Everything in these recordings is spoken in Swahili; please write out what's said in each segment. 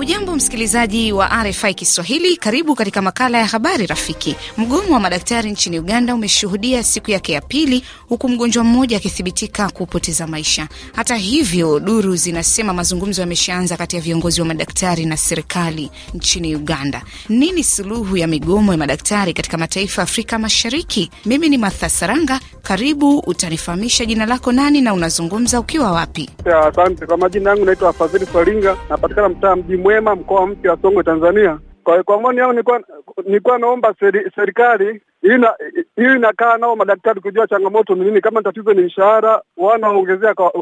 Ujambo msikilizaji wa RFI Kiswahili, karibu katika makala ya habari rafiki. Mgomo wa madaktari nchini Uganda umeshuhudia siku yake ya pili, huku mgonjwa mmoja akithibitika kupoteza maisha. Hata hivyo, duru zinasema mazungumzo yameshaanza kati ya viongozi wa madaktari na serikali nchini Uganda. Nini suluhu ya migomo ya madaktari katika mataifa ya Afrika Mashariki? Mimi ni Martha Saranga, karibu. Utanifahamisha jina lako nani na unazungumza ukiwa wapi? Asante. Kwa majina yangu naitwa Fadhili Swalinga, napatikana mtaa mji mwema mkoa mpya wa Songwe Tanzania, kwa, kwa maoni yangu nilikuwa naomba seri, serikali hii inakaa nao madaktari kujua changamoto ni nini, kama tatizo ni mshahara wanaongezea kwa,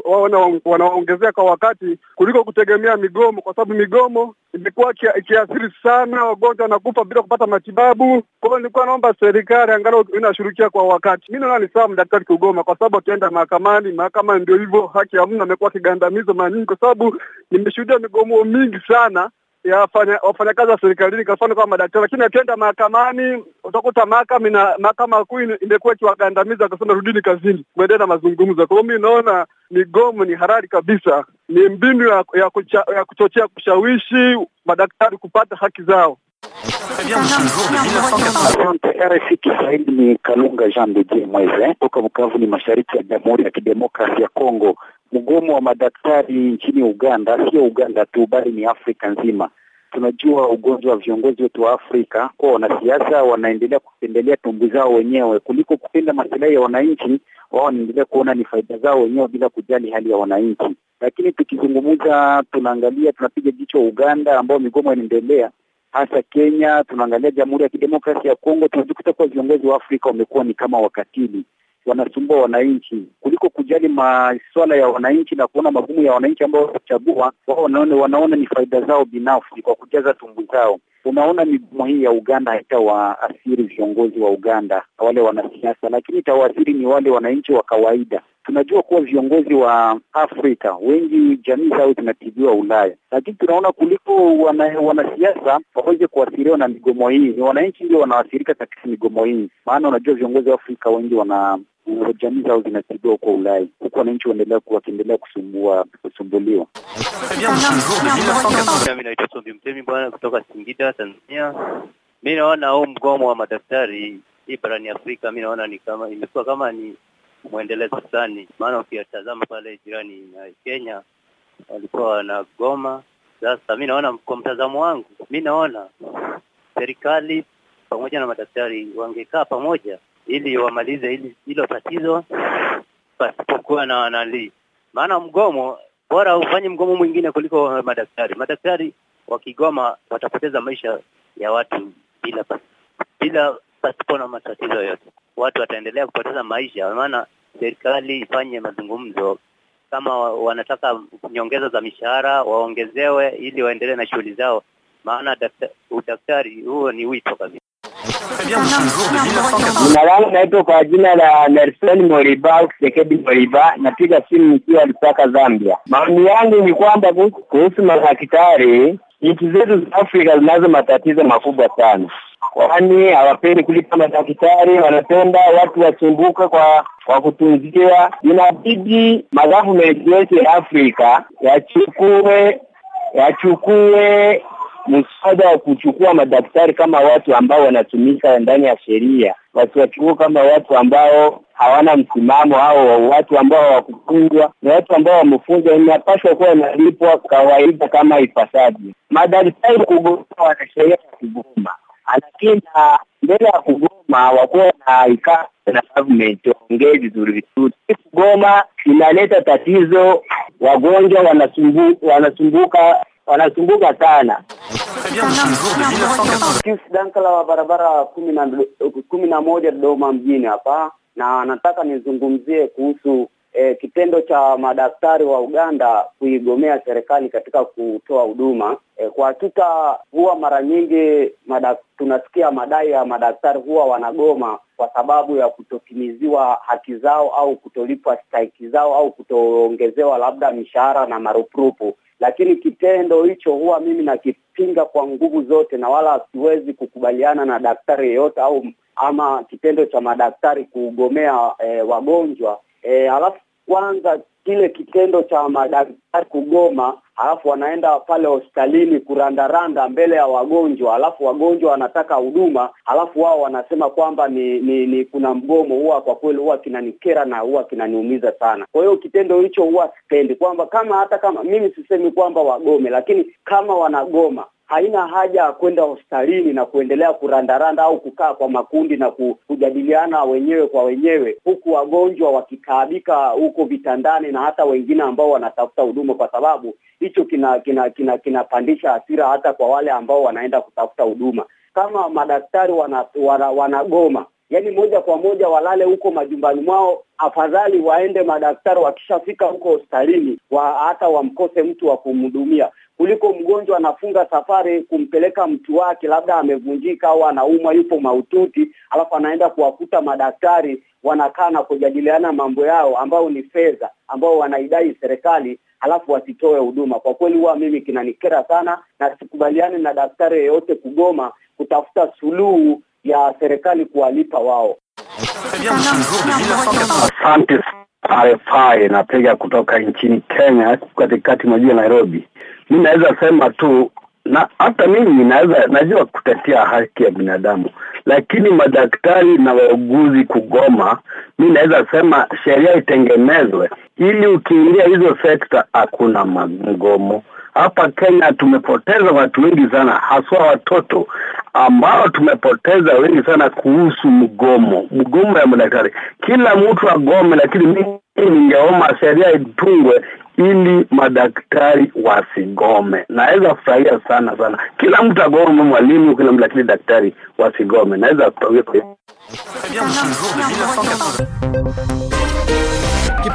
wanaongezea kwa wakati kuliko kutegemea migomo, kwa sababu migomo imekuwa ikiathiri sana wagonjwa wanakufa bila kupata matibabu. Kwa hiyo nilikuwa naomba serikali angalau inashirikia kwa wakati. Mimi naona ni sawa madaktari kugoma, kwa sababu akienda mahakamani, mahakama ndio hivyo, haki hamna, amekuwa kigandamizo mara nyingi, kwa sababu nimeshuhudia migomo mingi sana ya wafanyakazi wa serikalini, kwa mfano kama madaktari. Lakini akienda mahakamani, utakuta mahakama mahakama kuu imekuwa ikiwagandamiza akasema, rudini kazini, kuendelea na mazungumzo. Kwa hiyo mimi naona migomo ni harari kabisa, ni mbinu ya, ya, kucha, ya kuchochea kushawishi madaktari kupata haki zao. RFI Kiswahili, ni Kalunga Jean de Dieu Mweze toka eh? Bukavu, ni mashariki ya Jamhuri ya Kidemokrasi ya Kongo. Mgomo wa madaktari nchini Uganda, sio Uganda tu, bali ni Afrika nzima. Tunajua ugonjwa wa viongozi wetu wa Afrika kuwa wanasiasa wanaendelea kupendelea tumbu zao wenyewe kuliko kupenda masilahi ya wananchi. Wao wanaendelea kuona ni faida zao wenyewe bila kujali hali ya wananchi. Lakini tukizungumza, tunaangalia, tunapiga jicho Uganda ambao migomo inaendelea hasa Kenya, tunaangalia Jamhuri ya Kidemokrasia ya Kongo, tunajikuta kuwa viongozi wa Afrika wamekuwa ni kama wakatili, wanasumbua wananchi kuliko kujali masuala ya wananchi na kuona magumu ya wananchi ambao watachagua wao. Wanaona, wanaona ni faida zao binafsi kwa kujaza tumbu zao. Unaona, migomo hii ya Uganda haitawaathiri viongozi wa Uganda, wale wanasiasa, lakini itawaathiri ni wale wananchi wa kawaida. Tunajua kuwa viongozi wa Afrika wengi jamii zao zinatibiwa Ulaya, lakini tunaona kuliko wana, wanasiasa waweze kuathiriwa na migomo hii, ni wananchi ndio wanaathirika katika migomo hii, maana unajua viongozi wa Afrika wengi wana jamii zao zinatibiwa huko Ulaya, huku wananchi wakiendelea kusumbua kusumbuliwa. Mi naitwa Sombi Mtemi bwana, kutoka Singida, Tanzania. Mi naona huu mgomo wa madaktari hii barani Afrika, mi naona ni kama imekuwa kama ni mwendelezo fulani, maana ukiyatazama pale jirani na Kenya walikuwa wanagoma. Sasa mi naona kwa mtazamo wangu, mi naona serikali pamoja na madaktari wangekaa pamoja ili wamalize ili hilo tatizo pasipokuwa na wanalii. Maana mgomo bora ufanye mgomo mwingine kuliko madaktari. Madaktari wakigoma watapoteza maisha ya watu bila pas, bila pasipo na matatizo yote, watu wataendelea kupoteza maisha. Maana serikali ifanye mazungumzo, kama wanataka nyongeza za mishahara waongezewe, ili waendelee na shughuli zao, maana daktari, udaktari huo ni wito kabisa. Jina langu naitwa kwa jina la Nelson Moriba au Kisekedi Moriba, napiga simu nikiwa Lusaka, Zambia. Maoni yangu ni kwamba kuhusu madaktari, nchi zetu za Afrika zinazo matatizo makubwa sana, kwani hawapendi kulipa madaktari, wanapenda watu wasumbuke kwa kwa kutunziwa. Inabidi magavumenti yote ya Afrika yachukue yachukue msaada wa kuchukua madaktari kama watu ambao wanatumika ndani ya sheria, wasiwachukua kama watu ambao hawana msimamo au watu ambao hawakufungwa na watu ambao wamefungwa, inapaswa kuwa inalipwa kawaida kama ipasavyo. Madaktari kugoma, wanasheria ya kugoma, lakini mbele ya kugoma wakuwa na ikaa na government waongee vizuri vizuri. Kugoma inaleta tatizo, wagonjwa wanasumbu, wanasumbuka wanasumbuka sana. Dankala wa barabara kumi na moja Dodoma mjini hapa, na nataka nizungumzie kuhusu eh, kitendo cha madaktari wa Uganda kuigomea serikali katika kutoa huduma. Eh, kwa hakika huwa mara nyingi madak, tunasikia madai ya madaktari huwa wanagoma kwa sababu ya kutotimiziwa haki zao au kutolipwa stahiki zao au kutoongezewa labda mishahara na marupurupu lakini kitendo hicho huwa mimi nakipinga kwa nguvu zote, na wala siwezi kukubaliana na daktari yeyote au ama kitendo cha madaktari kugomea e, eh, wagonjwa e, alafu kwanza kile kitendo cha madaktari kugoma, halafu wanaenda pale hospitalini kurandaranda mbele ya wagonjwa, halafu wagonjwa wanataka huduma, halafu wao wanasema kwamba ni, ni, ni kuna mgomo. Huwa kwa kweli huwa kinanikera na huwa kinaniumiza sana. Kwa hiyo kitendo hicho huwa sipendi, kwamba kama hata kama mimi sisemi kwamba wagome, lakini kama wanagoma haina haja ya kwenda hospitalini na kuendelea kurandaranda au kukaa kwa makundi na kujadiliana wenyewe kwa wenyewe, huku wagonjwa wakikaabika huko vitandani na hata wengine ambao wanatafuta huduma, kwa sababu hicho kinapandisha kina, kina, kina hasira hata kwa wale ambao wanaenda kutafuta huduma. Kama madaktari wanagoma wana, wana yani moja kwa moja walale huko majumbani mwao, afadhali waende madaktari wakishafika huko hospitalini wa, hata wamkose mtu wa kumhudumia, kuliko mgonjwa anafunga safari kumpeleka mtu wake, labda amevunjika au anaumwa, yupo mahututi, alafu anaenda kuwakuta madaktari wanakaa na kujadiliana mambo yao ambao ni fedha ambao wanaidai serikali alafu wasitoe huduma. Kwa kweli huwa mimi kinanikera sana, na sikubaliani na daktari yeyote kugoma kutafuta suluhu ya serikali kuwalipa wao. Asante. RFI inapiga kutoka nchini Kenya katikati mwa jiji Nairobi. Mi naweza sema tu na hata mimi naweza najua kutetea haki ya binadamu, lakini madaktari na wauguzi kugoma, mi naweza sema sheria itengenezwe ili ukiingia hizo sekta hakuna mgomo. Hapa Kenya tumepoteza watu wengi sana, haswa watoto, ambao tumepoteza wengi sana kuhusu mgomo, mgomo ya madaktari. Kila mtu agome, lakini mimi ningeoma sheria itungwe ili madaktari wasigome. Naweza kufurahia sana sana, kila mtu agome, mwalimu, kila mtu, lakini daktari wasigome. Naweza kutawia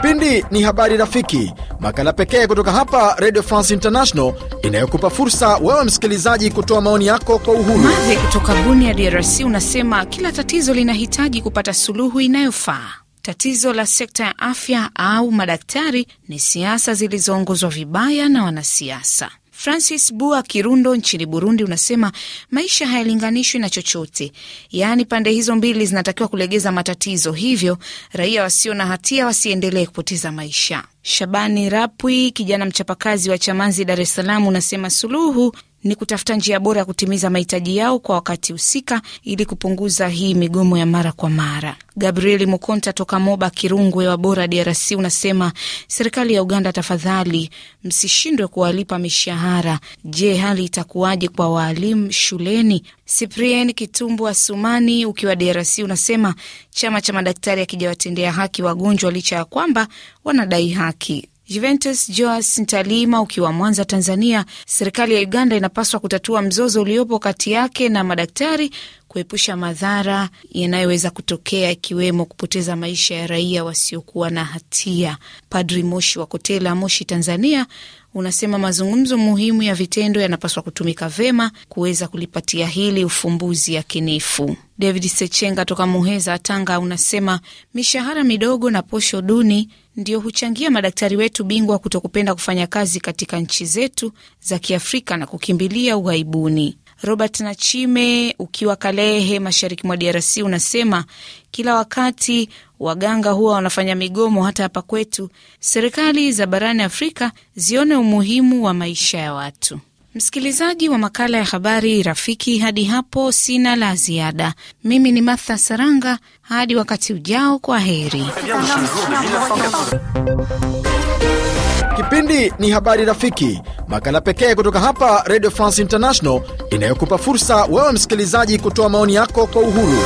Kipindi ni Habari Rafiki, makala pekee kutoka hapa Radio France International inayokupa fursa wewe msikilizaji kutoa maoni yako kwa uhuru. Mathe kutoka buni ya DRC, unasema kila tatizo linahitaji kupata suluhu inayofaa. Tatizo la sekta ya afya au madaktari ni siasa zilizoongozwa vibaya na wanasiasa. Francis Bua Kirundo nchini Burundi unasema maisha hayalinganishwi na chochote, yaani pande hizo mbili zinatakiwa kulegeza matatizo, hivyo raia wasio na hatia wasiendelee kupoteza maisha. Shabani Rapwi, kijana mchapakazi wa Chamazi, Dar es Salaam, unasema suluhu ni kutafuta njia bora ya kutimiza mahitaji yao kwa wakati husika ili kupunguza hii migomo ya mara kwa mara. Gabrieli Mukonta toka Moba Kirungwe wa Bora, DRC, unasema serikali ya Uganda, tafadhali msishindwe kuwalipa mishahara. Je, hali itakuwaje kwa waalimu shuleni? Cyprien Kitumbwa Sumani ukiwa DRC unasema chama cha madaktari hakijawatendea haki wagonjwa licha ya kwamba wanadai haki. Juventus Joas Ntalima, ukiwa Mwanza, Tanzania, serikali ya Uganda inapaswa kutatua mzozo uliopo kati yake na madaktari kuepusha madhara yanayoweza kutokea ikiwemo kupoteza maisha ya raia wasiokuwa na hatia. Padri Moshi wa Kotela, Moshi, Tanzania, unasema mazungumzo muhimu ya vitendo yanapaswa kutumika vema kuweza kulipatia hili ufumbuzi yakinifu. David Sechenga toka Muheza, Tanga, unasema mishahara midogo na posho duni ndio huchangia madaktari wetu bingwa kutokupenda kufanya kazi katika nchi zetu za Kiafrika na kukimbilia ughaibuni. Robert Nachime ukiwa Kalehe, mashariki mwa DRC, unasema kila wakati waganga huwa wanafanya migomo hata hapa kwetu. Serikali za barani Afrika zione umuhimu wa maisha ya watu. Msikilizaji wa makala ya habari rafiki, hadi hapo sina la ziada. Mimi ni Martha Saranga, hadi wakati ujao, kwa heri. Kipindi ni Habari Rafiki, makala pekee kutoka hapa Radio France International inayokupa fursa wewe msikilizaji kutoa maoni yako kwa uhuru.